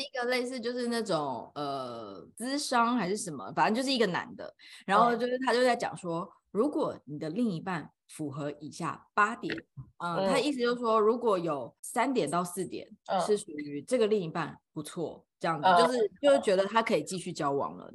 一個類似就是那種呃，智商還是什麼，反正就是一個男的，然後就是他就在講說，如果你的另一半符合以下八點，嗯，嗯他意思就是說，如果有三點到四點是屬於這個另一半、嗯、不錯，這樣子就是、嗯、就是覺得他可以繼續交往了。嗯，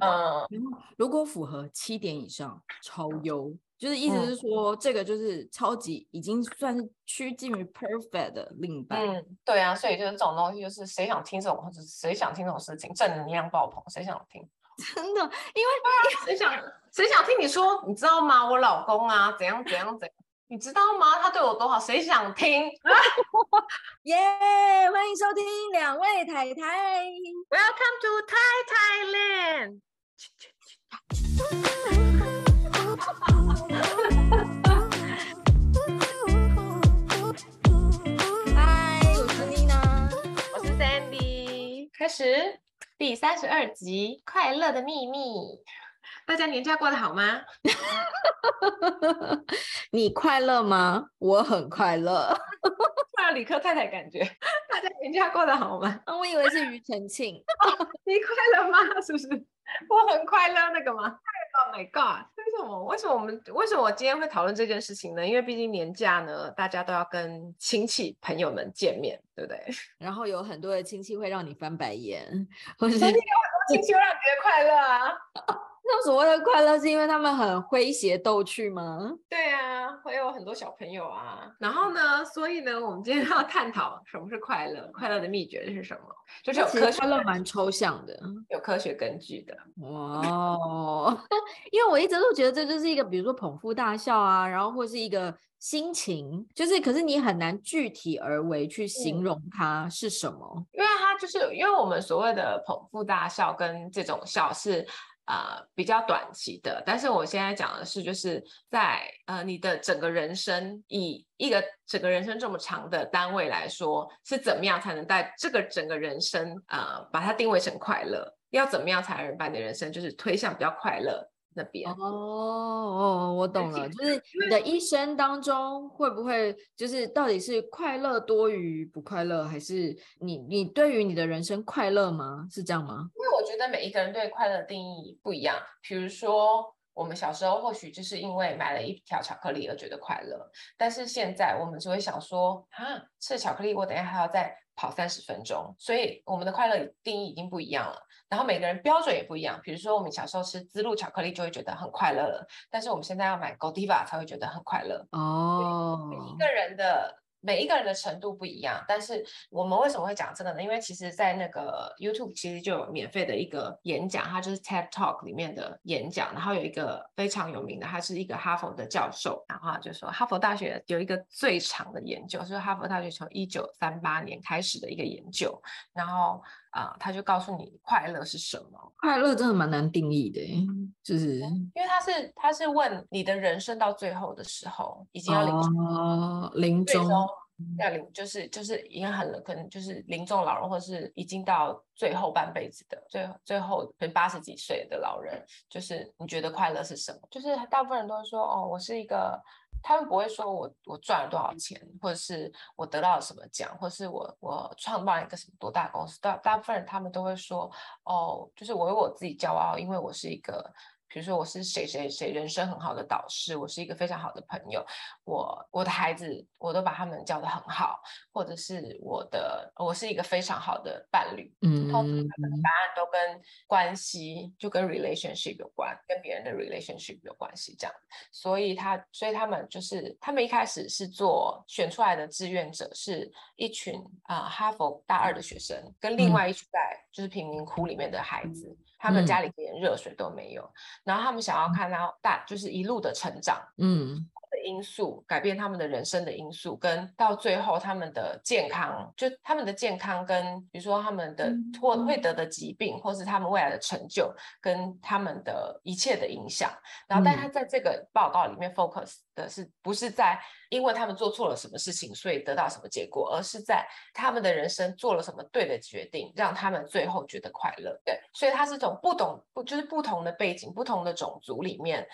然後如果符合七點以上，超優。就是意思是說、嗯，這個就是超級已經算是趨近於 perfect 的另一半。對啊，所以就是這種東西，就是誰想聽這種事，誰想聽這種事情，正能量爆棚，誰想聽？真的，因為、啊、誰想誰想聽你說，你知道嗎？我老公啊，怎樣怎樣怎樣，怎樣 你知道嗎？他對我多好，誰想聽啊？耶、 yeah,，歡迎收聽兩位泰台，Welcome to Thai Tai Land。 開始第三十二集《快樂的祕密》。大家年假過得好嗎？ 你快樂嗎？我很快樂。突然理科太太感覺，大家年假過得好嗎？啊、我以為是庾澄慶、 哦，你快樂嗎？是不是？我很快樂那個嗎？Oh my god！為什麼？為什麼我們？為什麼我今天會討論這件事情呢？因為畢竟年假呢，大家都要跟親戚朋友們見面，對不對？然後有很多的親戚會讓你翻白眼，或者親有很多親戚會讓你快樂啊。 那所謂的快樂是因為他們很詼諧逗趣嗎？對啊，會有很多小朋友啊。然後呢，所以呢，我們今天要探討什麼是快樂。嗯，快樂的秘訣是什麼？就是有科學蠻抽象的，有科學根據的。哦， 因為我一直都覺得這就是一個，比如說捧腹大笑啊，然後或是一個心情，就是可是你很難具體而為去形容它是什麼，嗯、因為它就是因為我們所謂的捧腹大笑跟這種笑是。呃，比較短期的，但是我現在講的是，就是在呃你的整個人生，以一個整個人生這麼長的單位來說，是怎麼樣才能在這個整個人生，呃，把它定位成快樂？要怎麼樣才能把你的人生就是推向比較快樂？那邊哦哦，江 �ICTA 我懂了，就是你的一生當中會不會就是到底是快樂多於不快樂，還是你你對於你的人生快樂嗎？是這樣嗎？因為我覺得每一個人對快樂的定義不一樣。比如說我們小時候或許就是因為買了一條巧克力而覺得快樂，但是現在我們只會想說哈，吃巧克力我等下還要再跑三十分鐘，所以我們的快樂定義已經不一樣了。然後每個人標準也不一樣，比如說我們小時候吃滋露巧克力就會覺得很快樂了，但是我們現在要買 Godiva 才會覺得很快樂。哦、oh.，每一個人的每一個人的程度不一樣，但是我們為什麼會講這個呢？因為其實在那個 YouTube 其實就有免費的一個演講，它就是 TED Talk 裡面的演講，然後有一個非常有名的，他是一個哈佛的教授，然後就說哈佛大學有一個最長的研究，就是哈佛大學從一九三八年開始的一個研究，然後。啊，他就告訴你快樂是什麼？快樂真的蠻難定義的，就是因為他是他是問你的人生到最後的時候，已經要臨終、哦、臨終要臨，就是就是已經很可能就是臨終老人，或者是已經到最後半輩子的最最後八十幾歲的老人，就是你覺得快樂是什麼？就是大部分人都說，哦，我是一個。他們不會說我我賺了多少錢，或者是我得到了什麼獎，或者是我我創辦一個什麼多大公司。大大部分人他們都會說，哦，就是我為我自己驕傲，因為我是一個。比如說，我是誰誰誰，人生很好的導師，我是一個非常好的朋友，我我的孩子，我都把他們教得很好，或者是我的，我是一個非常好的伴侶，嗯，他們的答案都跟關係、嗯、就跟 relationship 有關，跟別人的 relationship 有關係，這樣，所以他，所以他們就是他們一開始是做選出來的志願者，是一群啊哈佛大二的學生，跟另外一群在就是貧民窟裡面的孩子。嗯嗯他們家裡連熱水都沒有，嗯，然後他們想要看到大，就是一路的成長，嗯。因素改變他們的人生的因素，跟到最後他們的健康，就他們的健康跟，比如說他們的或會得的疾病，或是他們未來的成就，跟他們的一切的影響。然後，但他在這個報告裡面 focus 的是不是在因為他們做錯了什麼事情，所以得到什麼結果，而是在他們的人生做了什麼對的決定，讓他們最後覺得快樂。對，所以他是種不懂，就是不同的背景、不同的種族裡面。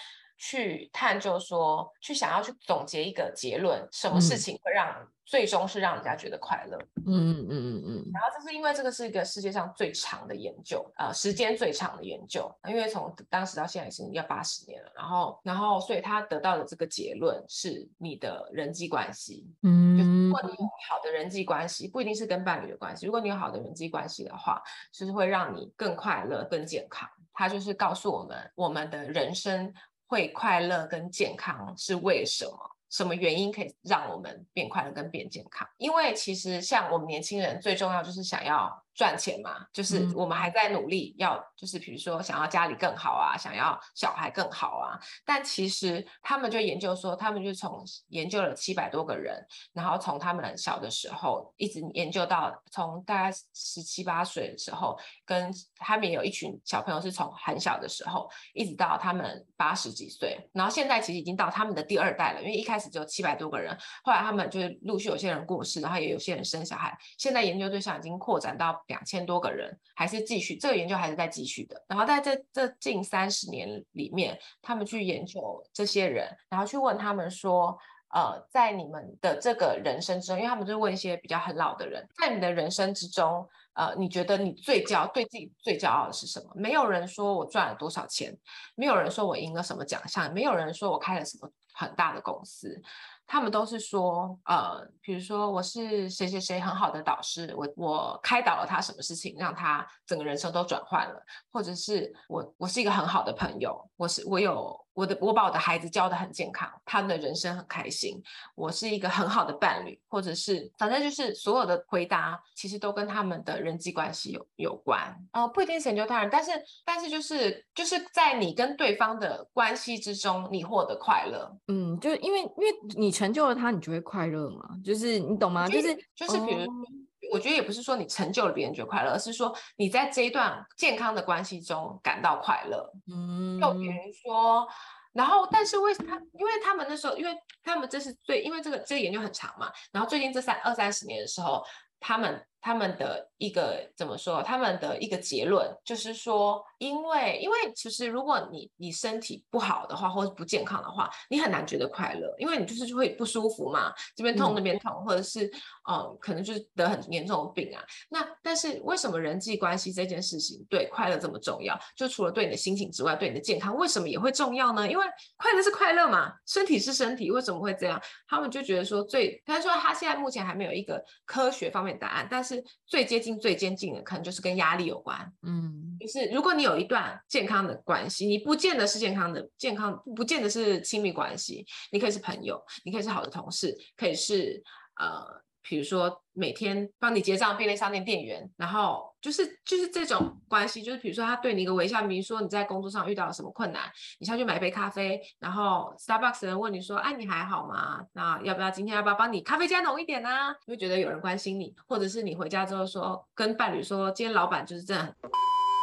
去探究說，去想要去總結一個結論，什麼事情會讓、嗯、最終是讓人家覺得快樂？嗯嗯嗯嗯嗯。然後這是因為這個是一個世界上最長的研究，呃，時間最長的研究，因為從當時到現在已經要八十年了。然後，然後，所以他得到的這個結論是你的人際關係，嗯，就是、如果你有好的人際關係，不一定是跟伴侶的關係，如果你有好的人際關係的話，就是會讓你更快樂、更健康。他就是告訴我們，我們的人生。會快樂跟健康是為什麼？什麼原因可以讓我們變快樂跟變健康？因為其實像我們年輕人最重要就是想要。賺錢嘛，就是我們還在努力要、嗯，要就是比如說想要家裡更好啊，想要小孩更好啊。但其實他們就研究說，他們就從研究了七百多個人，然後從他們很小的時候一直研究到從大概十七八歲的時候，跟他們有一群小朋友是從很小的時候一直到他們八十幾歲，然後現在其實已經到他們的第二代了，因為一開始只有七百多個人，後來他們就是陸續有些人過世，然後也有些人生小孩，現在研究對象已經擴展到。兩千多個人，還是繼續這個研究，還是在繼續的。然後在這這近三十年裡面，他們去研究這些人，然後去問他們說，呃，在你們的這個人生之中，因為他們就是問一些比較很老的人，在你的人生之中，呃，你覺得你最驕對自己最驕傲的是什麼？沒有人說我賺了多少錢，沒有人說我贏了什麼獎項，沒有人說我開了什麼很大的公司。他們都是說，呃，比如說我是誰誰誰很好的導師，我我開導了他什麼事情，讓他整個人生都轉換了，或者是我我是一個很好的朋友，我是我有。我的我把我的孩子教得很健康，他們的人生很開心。我是一個很好的伴侶，或者是反正就是所有的回答其實都跟他們的人際關係有有關啊、哦，不一定成就他人，但是但是就是就是在你跟對方的關係之中，你獲得快樂。嗯，就是因為因為你成就了他，你就會快樂嘛，就是你懂嗎？就是就是比如，嗯。我覺得也不是說你成就了別人就快樂，而是說你在這一段健康的關係中感到快樂。嗯，就比如說，然後但是為什麼？因為他們那時候，因為他們這是對，因為這個這個研究很長嘛，然後最近這三二三十年的時候，他們。他們的一個怎麼說？他們的一個結論就是說，因為因為其實如果你你身體不好的話，或者不健康的話，你很難覺得快樂，因為你就是就會不舒服嘛，這邊痛那邊痛，或者是，呃，可能就是得很嚴重的病啊。嗯。那但是為什麼人際關係這件事情對快樂這麼重要？就除了對你的心情之外，對你的健康為什麼也會重要呢？因為快樂是快樂嘛，身體是身體，為什麼會這樣？他們就覺得說最，他說他現在目前還沒有一個科學方面的答案，但是。最接近、最接近的，可能就是跟壓力有關。嗯，就是如果你有一段健康的關係，你不見得是健康的，健康不見得是親密關係，你可以是朋友，你可以是好的同事，可以是呃。比如說每天幫你結賬，便利商店店員，然後就是就是這種關係，就是比如說他對你一個微笑，比如說你在工作上遇到了什麼困難，你上去買一杯咖啡，然後 Starbucks 的人問你說，哎、啊，你還好嗎？那要不要今天要不要幫你咖啡加濃一點呢、啊？你會覺得有人關心你，或者是你回家之後說跟伴侶說，今天老闆就是這樣，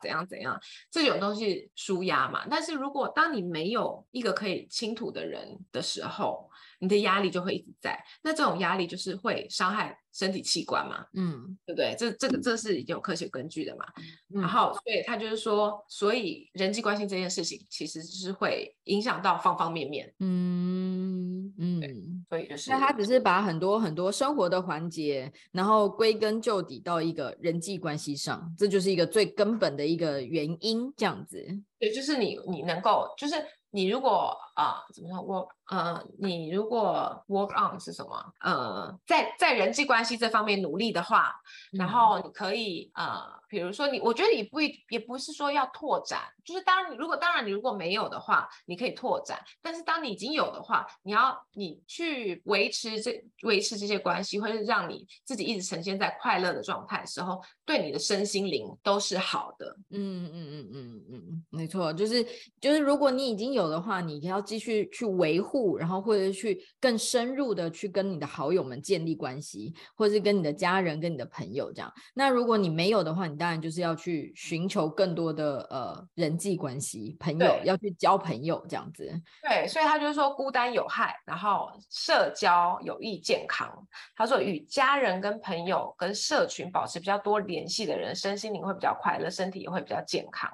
怎樣怎樣，這種東西舒壓嘛。但是如果當你沒有一個可以傾吐的人的時候，你的壓力就會一直在，那這種壓力就是會傷害身體器官嘛，嗯，對不對？這這個這是已經有科學根據的嘛，嗯，然後所以他就是說，所以人際關係這件事情其實就是會影響到方方面面，嗯嗯，對，所以就是他只是把很多很多生活的環節，然後歸根究底到一個人際關係上，這就是一個最根本的一個原因，這樣子。對，就是你你能夠，就是你如果。啊、uh,，怎麼說我，呃、uh,，你如果 work on 是什麼？呃、uh,，在在人際關係這方面努力的話，嗯、然後你可以呃，uh, 比如說你，我覺得你不一也不是說要拓展，就是當然，如果當然你如果沒有的話，你可以拓展。但是當你已經有的話，你要你去維持這維持這些關係，或者是讓你自己一直呈現在快樂的狀態的時候，對你的身心靈都是好的。嗯嗯嗯嗯嗯嗯，沒錯，就是就是如果你已經有的話，你一定要。繼續去維護，然後或者去更深入的去跟你的好友們建立關係，或者是跟你的家人、跟你的朋友這樣。那如果你沒有的話，你當然就是要去尋求更多的呃人際關係、朋友，要去交朋友這樣子。對，所以他就是說孤單有害，然後社交有益健康。他說，與家人、跟朋友、跟社群保持比較多聯繫的人，身心靈會比較快樂，身體也會比較健康。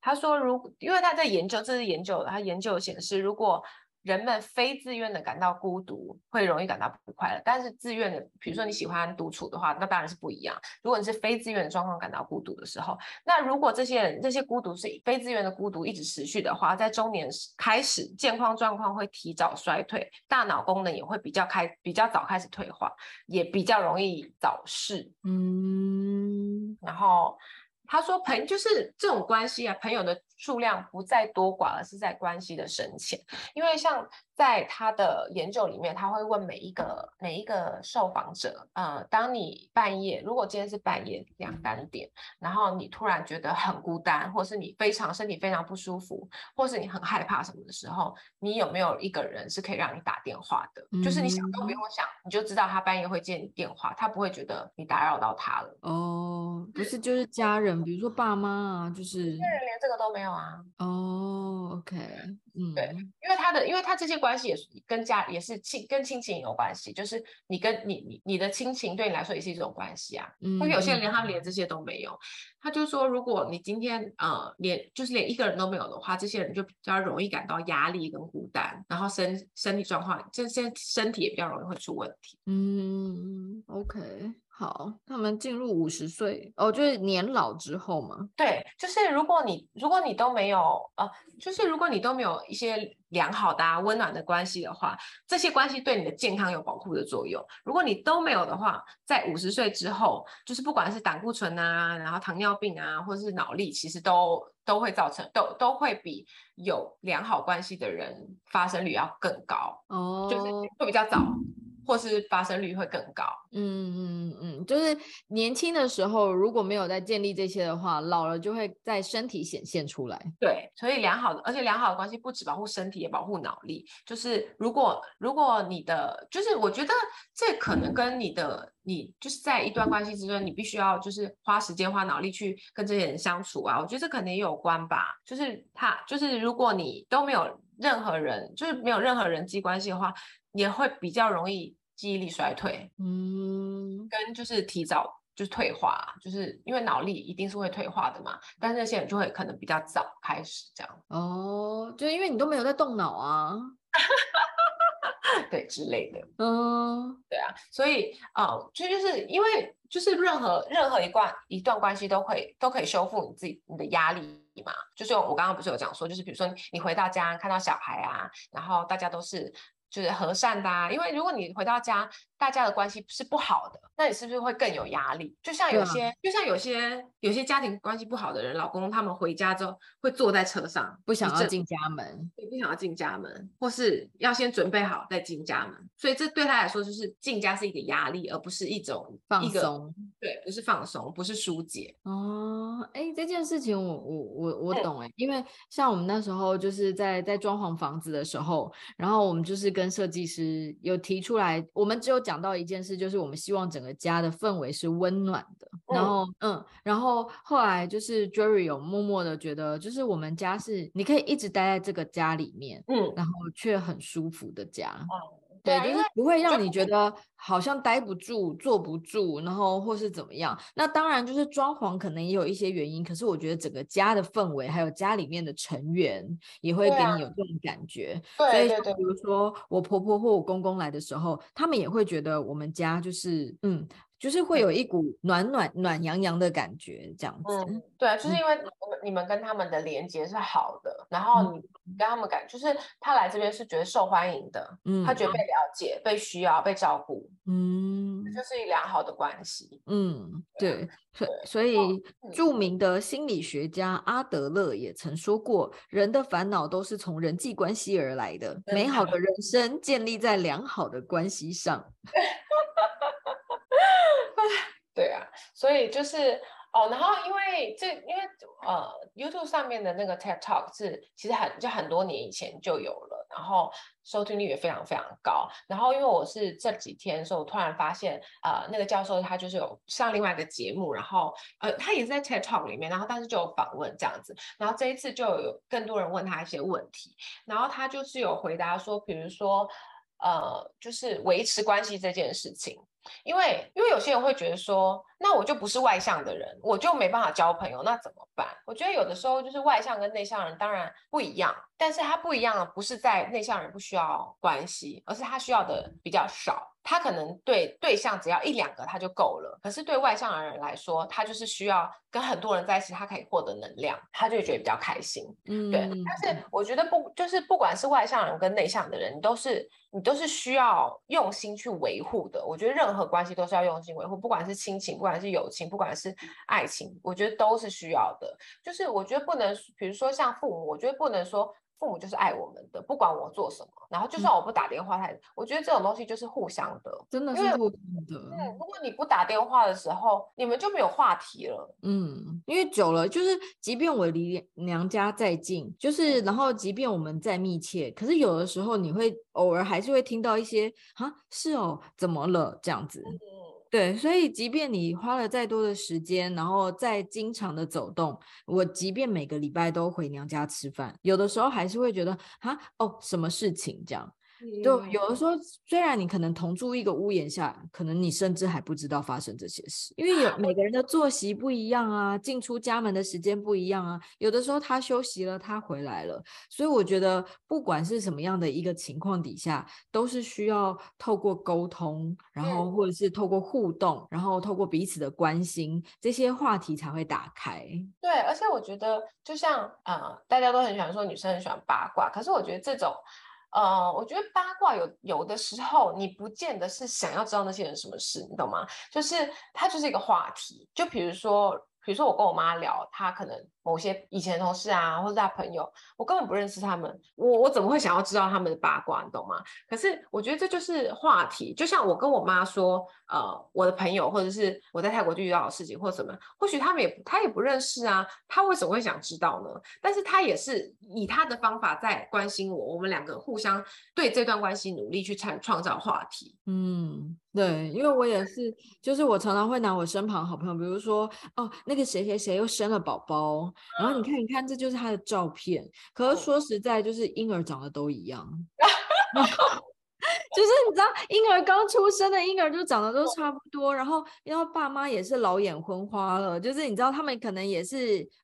他說如果：“如因為他在研究，這是研究的。他研究顯示，如果人們非自願的感到孤獨，會容易感到不快樂。但是自願的，比如說你喜歡獨處的話，那當然是不一樣。如果你是非自願的狀況感到孤獨的時候，那如果這些人這些孤獨是非自願的孤獨一直持續的話，在中年開始健康狀況會提早衰退，大腦功能也會比較開比較早開始退化，也比較容易早逝。嗯，然後。”他說：“朋，就是這種關係啊，朋友的。”數量不在多寡，而是在關係的深淺。因為像在他的研究裡面，他會問每一個、嗯、每一個受訪者，呃，當你半夜，如果今天是半夜兩三點、嗯，然後你突然覺得很孤單，或是你非常身體非常不舒服，或是你很害怕什麼的時候，你有沒有一個人是可以讓你打電話的、嗯，就是你想都不用想，你就知道他半夜會接你電話，他不會覺得你打擾到他了。哦，不是，就是家人、就是，比如說爸媽啊，就是一個人連這個都沒有。哦、oh,，OK，嗯、mm -hmm.，對，因為他的，因為他這些關係也是跟家，也是親，跟親情有關係，就是你跟你你你的親情對你來說也是一種關係啊。嗯、mm -hmm.，因為有些人連他連這些都沒有，他就說，如果你今天呃連就是連一個人都沒有的話，這些人就比較容易感到壓力跟孤單，然後身身體狀況這現在身體也比較容易會出問題。嗯、mm -hmm.，OK。好，他們進入五十歲哦，就是年老之後嘛。對，就是如果你如果你都沒有啊、呃，就是如果你都沒有一些良好的、啊、溫暖的關係的話，這些關係對你的健康有保護的作用。如果你都沒有的話，在五十歲之後，就是不管是膽固醇啊，然後糖尿病啊，或者是腦力，其實都都會造成，都都會比有良好關係的人發生率要更高哦，oh. 就是會比較早。或是發生率會更高。嗯嗯嗯，就是年輕的時候如果沒有在建立這些的話，老了就會在身體顯現出來。對，所以良好的，而且良好的關係不止保護身體，也保護腦力。就是如果如果你的，就是我覺得這可能跟你的，你就是在一段關係之中，你必須要就是花時間花腦力去跟這些人相處啊。我覺得這可能也有關吧。就是他就是如果你都沒有任何人，就是沒有任何人際關係的話，也會比較容易。記憶力衰退，嗯，跟就是提早就是退化，就是因為腦力一定是會退化的嘛，但那些人就會可能比較早開始這樣。哦，就因為你都沒有在動腦啊， 對之類的，嗯、哦，對啊，所以啊，所以、嗯、就，就是因為就是任何任何一段一段關係都可以都可以修復你自己你的壓力嘛，就是我剛剛不是有講說，就是比如說你回到家看到小孩啊，然後大家都是。就是和善的啊，因為如果你回到家，大家的關係是不好的，那你是不是會更有壓力？就像有些，啊、就像有些有些家庭關係不好的人，老公他們回家之後會坐在車上，不想要進家門，也不想要進家門，或是要先準備好再進家門。所以這對他來說就是進家是一個壓力，而不是一種放鬆。對，不，就是放鬆，不是疏解。哦，哎，這件事情我我我我懂哎、欸嗯，因為像我們那時候就是在在裝潢房子的時候，然後我們就是跟設計師有提出來，我們只有。講到一件事，就是我們希望整個家的氛圍是溫暖的。嗯、然後，嗯，然後後來就是 Jerry 有默默的覺得，就是我們家是你可以一直待在這個家裡面，嗯，然後卻很舒服的家。嗯對，就是不會讓你覺得好像待不住、坐不住，然後或是怎麼樣。那當然，就是裝潢可能也有一些原因，可是我覺得整個家的氛圍還有家裡面的成員也會給你有這種感覺。對、啊，對，對。所以比如說我婆婆或我公公來的時候，他們也會覺得我們家就是嗯。就是會有一股暖暖暖洋洋的感覺，這樣子。嗯，對啊，就是因為你們跟他們的連接是好的，嗯，然後你跟他們感覺，就是他來這邊是覺得受歡迎的，嗯，他覺得被了解、被需要、被照顧，嗯，就是一良好的關係，嗯，對啊，嗯，對，對。所所以，哦，著名的心理學家阿德勒也曾說過，人的煩惱都是從人際關係而來的，嗯，美好的人生建立在良好的關係上。 對啊，所以就是哦，然後因為這，因為呃，YouTube 上面的那個 TED Talk 是其實很就很多年以前就有了，然後收聽率也非常非常高。然後因為我是這幾天，所以我突然發現啊、呃，那個教授他就是有上另外一個節目，然後呃，他也是在 TED Talk 裡面，然後但是就有訪問這樣子。然後這一次就有更多人問他一些問題，然後他就是有回答說，比如說呃，就是維持關係這件事情。因為，因為有些人會覺得說，那我就不是外向的人，我就沒辦法交朋友，那怎麼辦？我覺得有的時候就是外向跟內向人當然不一樣，但是他不一樣，不是在內向人不需要關係，而是他需要的比較少，他可能對對象只要一兩個他就夠了，可是對外向的人來說，他就是需要跟很多人在一起，他可以獲得能量，他就會覺得比較開心。嗯，對。但是我覺得不就是不管是外向人跟內向的人，你都是你都是需要用心去維護的。我覺得任何關係都是要用心維護，不管是親情，不管是友情，不管是愛情，我覺得都是需要的。就是我覺得不能，比如說像父母，我覺得不能說。父母就是愛我們的，不管我做什麼，然後就算我不打電話，他、嗯，我覺得這種東西就是互相的，真的是互相的。對、嗯，如果你不打電話的時候，你們就沒有話題了。嗯，因為久了，就是即便我離娘家再近，就是然後即便我們再密切，可是有的時候你會偶爾還是會聽到一些啊，是哦，怎麼了這樣子。嗯對，所以即便你花了再多的時間，然後再經常的走動，我即便每個禮拜都回娘家吃飯，有的時候還是會覺得啊，哦，什麼事情這樣。 就有的時候，雖然你可能同住一個屋檐下，可能你甚至還不知道發生這些事，因為有每個人的作息不一樣啊，進出家門的時間不一樣啊。有的時候他休息了，他回來了，所以我覺得不管是什麼樣的一個情況底下，都是需要透過溝通，然後或者是透過互動，嗯、然後透過彼此的關心，這些話題才會打開。對，而且我覺得就像呃，大家都很喜歡說女生很喜歡八卦，可是我覺得這種。呃，我覺得八卦有有的時候，你不見得是想要知道那些人什麼事，你懂嗎？就是它就是一個話題，就比如說，比如說我跟我媽聊，她可能。某些以前同事啊，或者他朋友，我根本不認識他們，我我怎麼會想要知道他們的八卦，你懂嗎？可是我覺得這就是話題，就像我跟我媽說，呃，我的朋友，或者是我在泰國就遇到的事情，或什麼，或許他們也他也不認識啊，他為什麼會想知道呢？但是他也是以他的方法在關心我，我們兩個互相對這段關係努力去創創造話題。嗯，對，因為我也是，就是我常常會拿我身旁好朋友，比如說，哦，那個誰誰誰又生了寶寶。然後你看，你看，這就是他的照片。可是說實在，就是嬰兒長得都一樣， 就是你知道，嬰兒剛出生的嬰兒就長得都差不多。然後，然後爸媽也是老眼昏花了，就是你知道，他們可能也是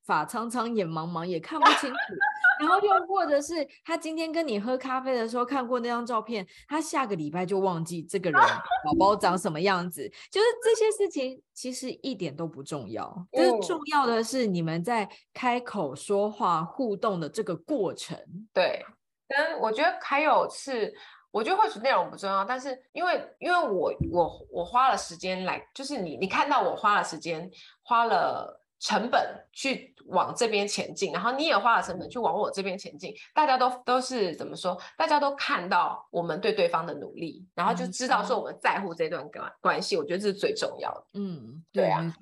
髮蒼蒼、眼茫茫，也看不清楚。 然後又或者是他今天跟你喝咖啡的時候看過那張照片，他下個禮拜就忘記這個人寶寶長什麼樣子， 就是這些事情其實一點都不重要，就是、嗯、重要的是你們在開口說話互動的這個過程。對，但我覺得還有是我覺得或許內容不重要，但是因為因為我我我花了時間來，就是你你看到我花了時間花了。成本去往這邊前進，然後你也花了成本去往我這邊前進，大家都都是怎麼說？大家都看到我們對對方的努力，然後就知道說我們在乎這段關關係，嗯，我覺得這是最重要的。嗯，對啊，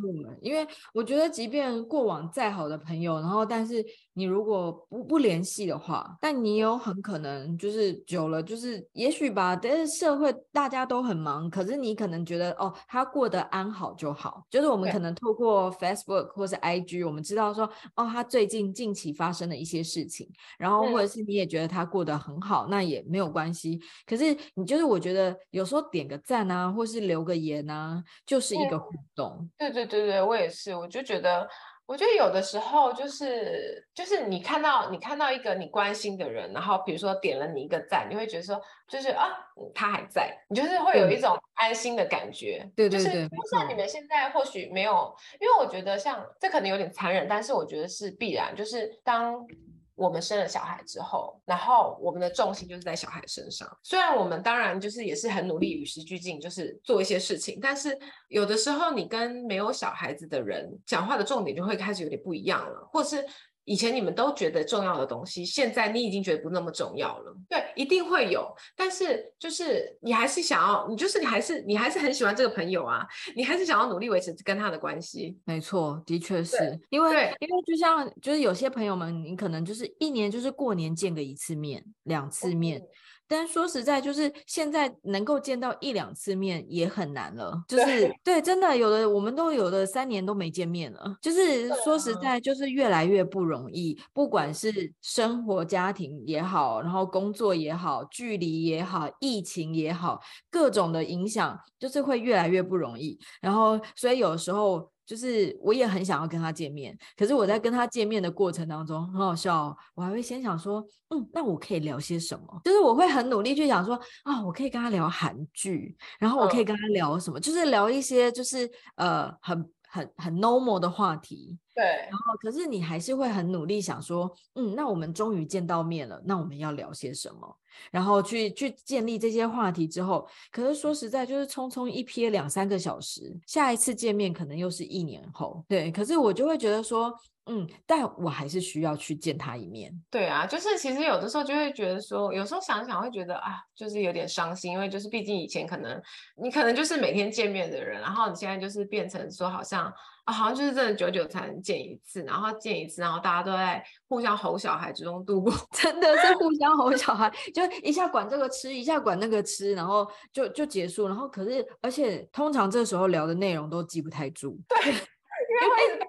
因為我覺得，即便過往再好的朋友，然後但是。你如果不不聯繫的話，但你有很可能就是久了，就是也許吧。但是社會大家都很忙，可是你可能覺得哦，他過得安好就好。就是我們可能透過 Facebook 或是 IG，我們知道說哦，他最近近期發生了一些事情，然後或者是你也覺得他過得很好，嗯，那也沒有關係。可是你就是我覺得有時候點個讚啊，或是留個言啊，就是一個互動。對。對對對對，我也是，我就覺得。我覺得有的時候就是就是你看到你看到一個你關心的人，然後比如說點了你一個讚，你會覺得說就是啊，他還在，你就是會有一種安心的感覺。對對，對對，就是，就像你們現在或許沒有，因為我覺得像這可能有點殘忍，但是我覺得是必然，就是當。我們生了小孩之後，然後我們的重心就是在小孩身上。雖然我們當然就是也是很努力與時俱進，就是做一些事情，但是有的時候你跟沒有小孩子的人講話的重點就會開始有點不一樣了，或是。以前你們都覺得重要的東西，現在你已經覺得不那麼重要了。對，一定會有，但是就是你還是想要，你就是你還是你還是很喜歡這個朋友啊，你還是想要努力維持跟他的關係。沒錯，的確是。因為因為就像就是有些朋友們，你可能就是一年就是過年見個一次面、兩次面。嗯但說實在，就是現在能夠見到一兩次面也很難了。就是對，真的有的我們都有的三年都沒見面了。就是說實在，就是越來越不容易。不管是生活、家庭也好，然後工作也好，距離也好，疫情也好，各種的影響，就是會越來越不容易。然後，所以有時候。就是我也很想要跟他見面，可是我在跟他見面的過程當中很好笑，哦，我還會先想說，嗯，那我可以聊些什麼？就是我會很努力去想說，啊，哦，我可以跟他聊韓劇，然後我可以跟他聊什麼？嗯、就是聊一些就是呃很。很很 normal 的話題，對，然後可是你還是會很努力想說，嗯，那我們終於見到面了，那我們要聊些什麼？然後去去建立這些話題之後，可是說實在就是匆匆一瞥兩三個小時，下一次見面可能又是一年後，對，可是我就會覺得說。嗯，但我還是需要去見他一面。對啊，就是其實有的時候就會覺得說，有時候想想會覺得啊，就是有點傷心，因為就是畢竟以前可能你可能就是每天見面的人，然後你現在就是變成說好像啊，好像就是真的久久才能見一次，然後見一次，然後大家都在互相吼小孩之中度過，真的是互相吼小孩， 就一下管這個吃，一下管那個吃，然後就就結束，然後可是而且通常這時候聊的內容都記不太住，對，因為。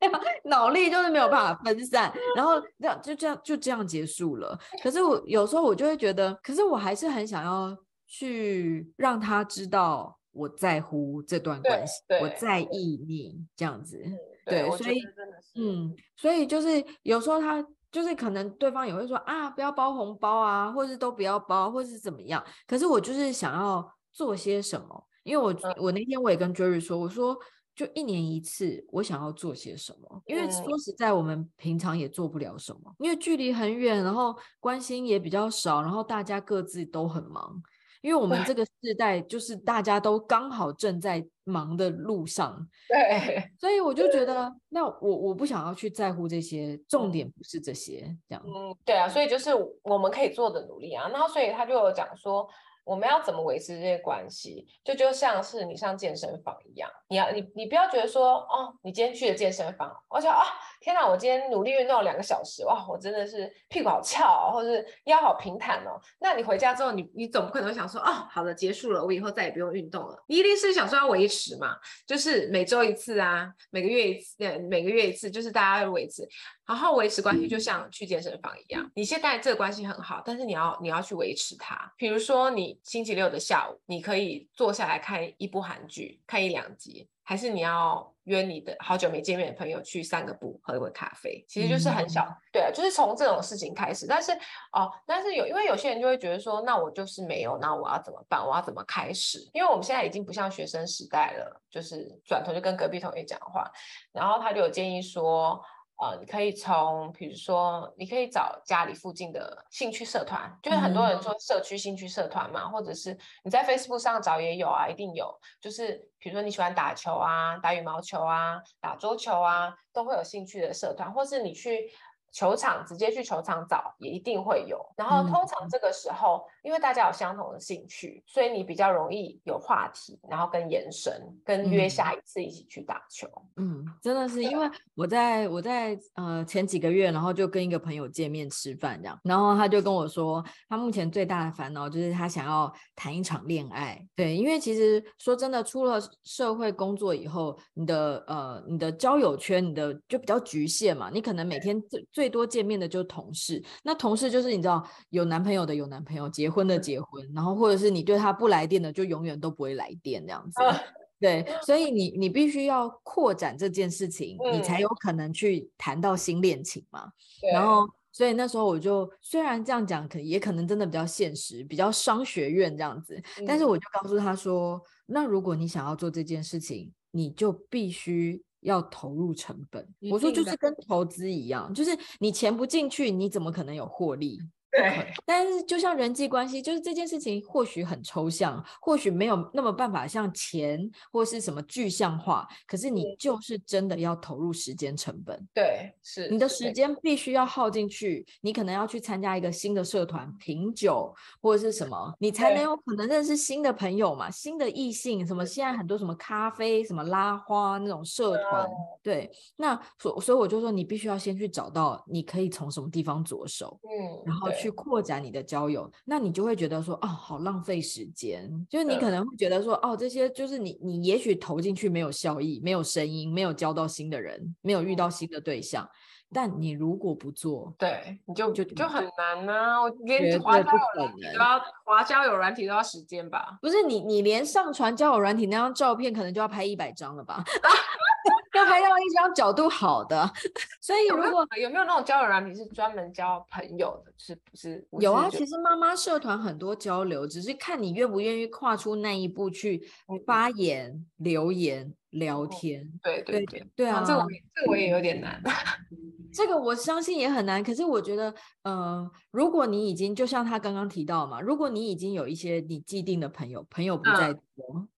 腦 力就是沒有辦法分散， 然後這樣就這樣就這樣結束了。可是我有時候我就會覺得，可是我還是很想要去讓他知道我在乎這段關係，我在意你這樣子。對，對對對，所以真的是，嗯，所以就是有時候他就是可能對方也會說啊，不要包紅包啊，或是都不要包，或是怎麼樣。可是我就是想要做些什麼，因為我、嗯、我那天我也跟 Jerry 說，我說。就一年一次，我想要做些什麼，因為說實在，我們平常也做不了什麼。嗯，因為距離很遠，然後關心也比較少，然後大家各自都很忙。因為我們這個世代，就是大家都剛好正在忙的路上。對，所以我就覺得，那我我不想要去在乎這些，重點不是這些，這樣。嗯，對啊，所以就是我們可以做的努力啊。然後，所以他就有講說。我們要怎麼維持這些關係？就就像是你上健身房一樣，你要你你不要覺得說哦，你今天去了健身房，我想啊、哦，天哪，我今天努力運動兩個小時，哇，我真的是屁股好翹、哦，或者是腰好平坦哦。那你回家之後，你你總不可能會想說哦，好了，結束了，我以後再也不用運動了。你一定是想說要維持嘛，就是每周一次啊，每個月一次，每個月一次，就是大家要維持，好好維持關係、嗯、就像去健身房一樣、嗯。你現在這個關係很好，但是你要你要去維持它，比如說你。星期六的下午，你可以坐下來看一部韓劇，看一兩集，還是你要約你的好久沒見面的朋友去散個步，喝一杯咖啡？其實就是很小，嗯。對啊，就是從這種事情開始。但是哦，但是有，因為有些人就會覺得說，那我就是沒有，那我要怎麼辦？我要怎麼開始？因為我們現在已經不像學生時代了，就是轉頭就跟隔壁同學講話，然後他就有建議說。呃，你可以從，比如說，你可以找家裡附近的興趣社團，就是很多人做社區興趣社團嘛，嗯、或者是你在 Facebook 上找也有啊，一定有，就是比如說你喜歡打球啊，打羽毛球啊，打桌球啊，都會有興趣的社團，或是你去。球場直接去球場找也一定會有，然後通常這個時候，嗯，因為大家有相同的興趣，所以你比較容易有話題，然後跟延伸，跟約下一次一起去打球。嗯，真的是因為我在我在呃前幾個月，然後就跟一個朋友見面吃飯這樣，然後他就跟我說，他目前最大的煩惱就是他想要談一場戀愛。對，因為其實說真的，出了社會工作以後，你的呃你的交友圈，你的就比較局限嘛，你可能每天最多見面的就是同事，那同事就是你知道有男朋友的有男朋友，結婚的結婚，然後或者是你對他不來電的，就永遠都不會來電這樣子。啊、對，所以你你必須要擴展這件事情，嗯、你才有可能去談到新戀情嘛。嗯、然後，所以那時候我就雖然這樣講，可也可能真的比較現實，比較商學院這樣子，但是我就告訴他說，嗯、那如果你想要做這件事情，你就必須。要投入成本，我說就是跟投資一樣，就是你錢不進去，你怎麼可能有獲利？對，但是就像人際關係，就是這件事情或許很抽象，或許沒有那麼辦法像錢或是什麼具象化，可是你就是真的要投入時間成本。對，是你的時間必須要耗進去，你可能要去參加一個新的社團，品酒或者是什麼，你才能有可能認識新的朋友嘛，新的異性什麼？現在很多什麼咖啡什麼拉花那種社團，啊、對，那所所以我就說，你必須要先去找到你可以從什麼地方着手，嗯，然後。去擴展你的交友，那你就會覺得說哦，好浪費時間。就是你可能會覺得說，哦，這些就是你，你也許投進去沒有效益，沒有聲音，沒有交到新的人，沒有遇到新的對象。但你如果不做，對，你就就就很難呢、啊。我今天覺得不都要划交，交友軟體都要時間吧？不是你，你連上傳交友軟體那張照片，可能就要拍一百張了吧？ 要 還要一張角度好的。 所以如果有沒有，有沒有那種交友軟體是專門交朋友的，是不是？是有啊，其實媽媽社團很多交流，只是看你願不願意跨出那一步去發言、嗯、留言、聊天。嗯、對對對對，對啊，啊這個這個，我也有點難。 這個我相信也很難，可是我覺得，嗯、呃，如果你已經就像他剛剛提到嘛，如果你已經有一些你既定的朋友，朋友不在。嗯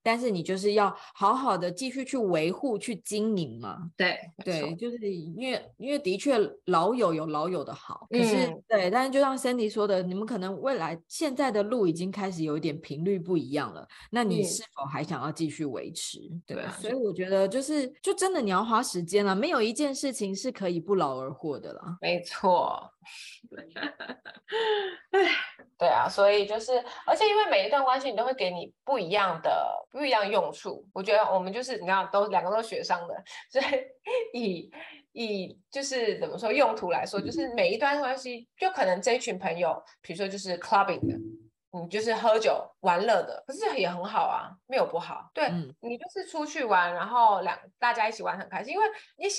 但是你就是要好好的繼續去維護、去經營嘛。對對，就是因為因為的確老友有，有老友的好，嗯、可是對，但是就像 Cindy 說的，你們可能未來現在的路已經開始有一點頻率不一樣了，那你是否還想要繼續維持？嗯、對、嗯，所以我覺得就是就真的你要花時間了、啊，沒有一件事情是可以不勞而獲的啦。沒錯。 對啊，所以就是，而且因為每一段關係，你都會給你不一樣的、不一樣用處。我覺得我們就是，你看，都兩個都學商的，所以以以就是怎麼說用途來說，就是每一段關係，就可能這一群朋友，比如說就是 clubbing 的。你就是喝酒玩樂的，可是也很好啊，沒有不好。對、嗯、你就是出去玩，然後兩大家一起玩很開心，因為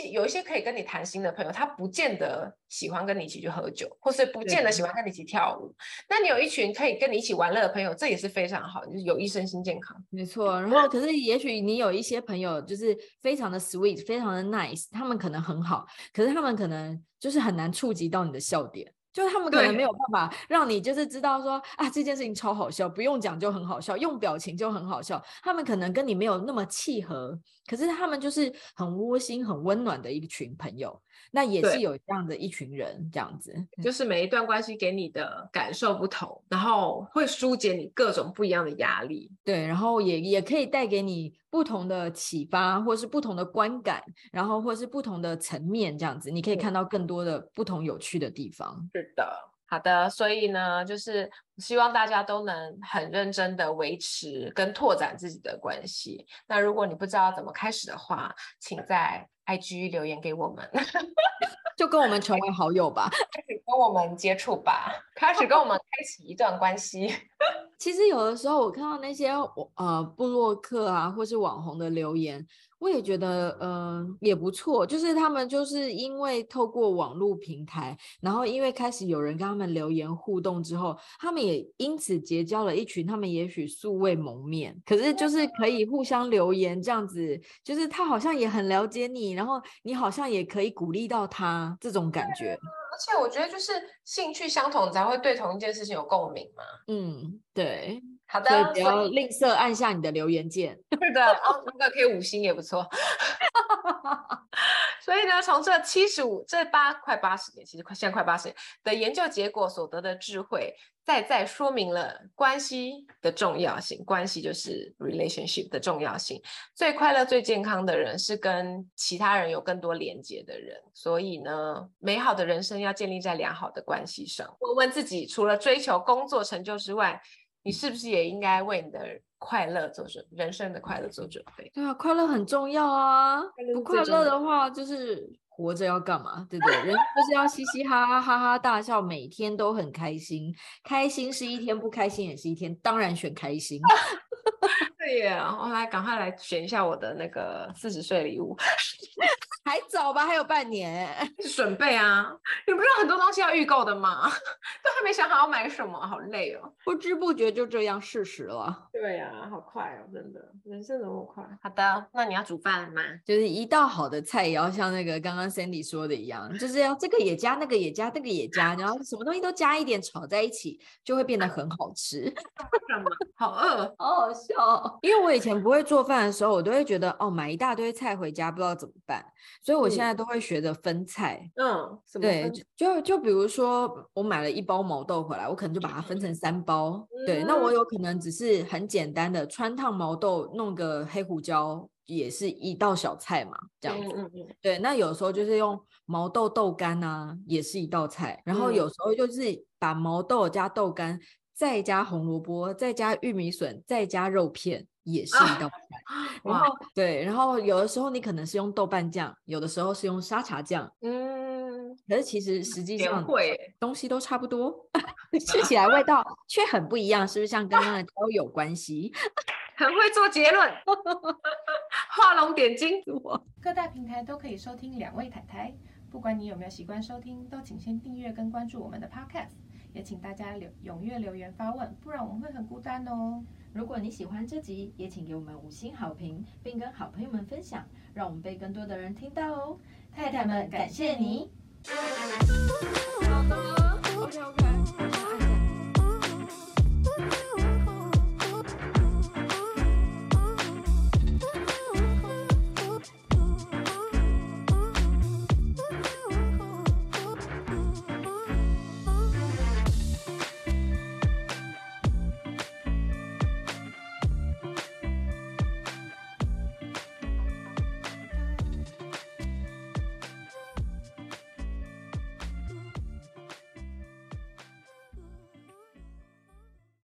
你有一些可以跟你談心的朋友，他不見得喜歡跟你一起去喝酒，或是不見得喜歡跟你一起跳舞。對對對，那你有一群可以跟你一起玩樂的朋友，這也是非常好，就是、有益身心健康。沒錯。然後，可是也許你有一些朋友就是非常的 sweet，非常的 nice，他們可能很好，可是他們可能就是很難觸及到你的笑點。就他們可能沒有辦法讓你就是知道說，啊，這件事情超好笑，不用講就很好笑，用表情就很好笑。他們可能跟你沒有那麼契合，可是他們就是很窩心、很溫暖的一群朋友。那也是有這樣的一群人，這樣子，就是每一段關係給你的感受不同，然後會疏解你各種不一樣的壓力，對，然後也也可以帶給你不同的啟發，或是不同的觀感，然後或是不同的層面，這樣子，你可以看到更多的不同有趣的地方。是的。好的，所以呢，就是希望大家都能很認真的維持跟拓展自己的關係。那如果你不知道怎麼開始的話，請在 IG 留言給我們， 就跟我們成為好友吧， 開始跟我們接觸吧，開始跟我們開啟一段關係。 其實有的時候我看到那些呃部落客啊或是網紅的留言。我也覺得，嗯、呃，也不錯。就是他們就是因為透過網絡平台，然後因為開始有人跟他們留言互動之後，他們也因此結交了一群他們也許素未謀面，可是就是可以互相留言這樣子。就是他好像也很了解你，然後你好像也可以鼓勵到他這種感覺，對啊。而且我覺得，就是興趣相同才會對同一件事情有共鳴嘛。嗯，對。好的，不要吝嗇按下你的留言鍵。對的，如果可以五星也不錯。 所以呢，從這七十五這八快八十年，其實現在快八十年的研究結果所得的智慧，再再說明了關係的重要性。關係就是 relationship 的重要性。最快樂、最健康的人是跟其他人有更多連接的人。所以呢，美好的人生要建立在良好的關係上。問問自己，除了追求工作成就之外，你是不是也應該為你的快樂做準，人生的快樂做準備？對啊，快樂很重要啊！不快樂，不快樂的話，就是活着要幹嘛？對不對？人就是要嘻嘻哈哈、哈哈大笑，每天都很開心。開心是一天，不開心也是一天，當然選開心。 對呀，我來趕快來選一下我的那個四十歲禮物， 還早吧，還有半年，準 備啊！你不知道很多東西要預購的嗎？ 都還沒想好要買什麼，好累哦。不知不覺就這樣事實了。對呀、啊，好快哦，真的，人生怎麼快？好的，那你要煮飯了嗎？就是一道好的菜也要像那個剛剛 Sandy 說的一樣， 就是要這個也加，那個也加，那個也加， 然後什麼東西都加一點炒在一起，就會變得很好吃。幹嘛？ 好餓， 好好笑、哦。因為我以前不會做飯的時候，我都會覺得哦，買一大堆菜回家不知道怎麼辦，所以我現在都會學着分菜。嗯，哦、對，就就比如說我買了一包毛豆回來，我可能就把它分成三包。嗯、對，那我有可能只是很簡單的汆燙毛豆，弄個黑胡椒也是一道小菜嘛，這樣子、嗯。對，那有時候就是用毛豆豆乾啊，也是一道菜。然後有時候就是把毛豆加豆干。再加紅蘿蔔，再加玉米筍，再加肉片，也是一道菜、啊。然後對，然後有的時候你可能是用豆瓣醬，有的時候是用沙茶醬，嗯。可是其實實際上會東西都差不多， 吃起來味道卻很不一樣，啊、是不是？像剛剛的都有關係，很會做結論， 畫龍點睛。各大平台都可以收聽兩位泰台，不管你有沒有喜歡收聽，都請先訂閱跟關注我們的 Podcast。也請大家留踴躍留言發問，不然我們會很孤單哦。如果你喜歡這集，也請給我們五星好評，並跟好朋友們分享，讓我們被更多的人聽到哦。太太們，感謝你。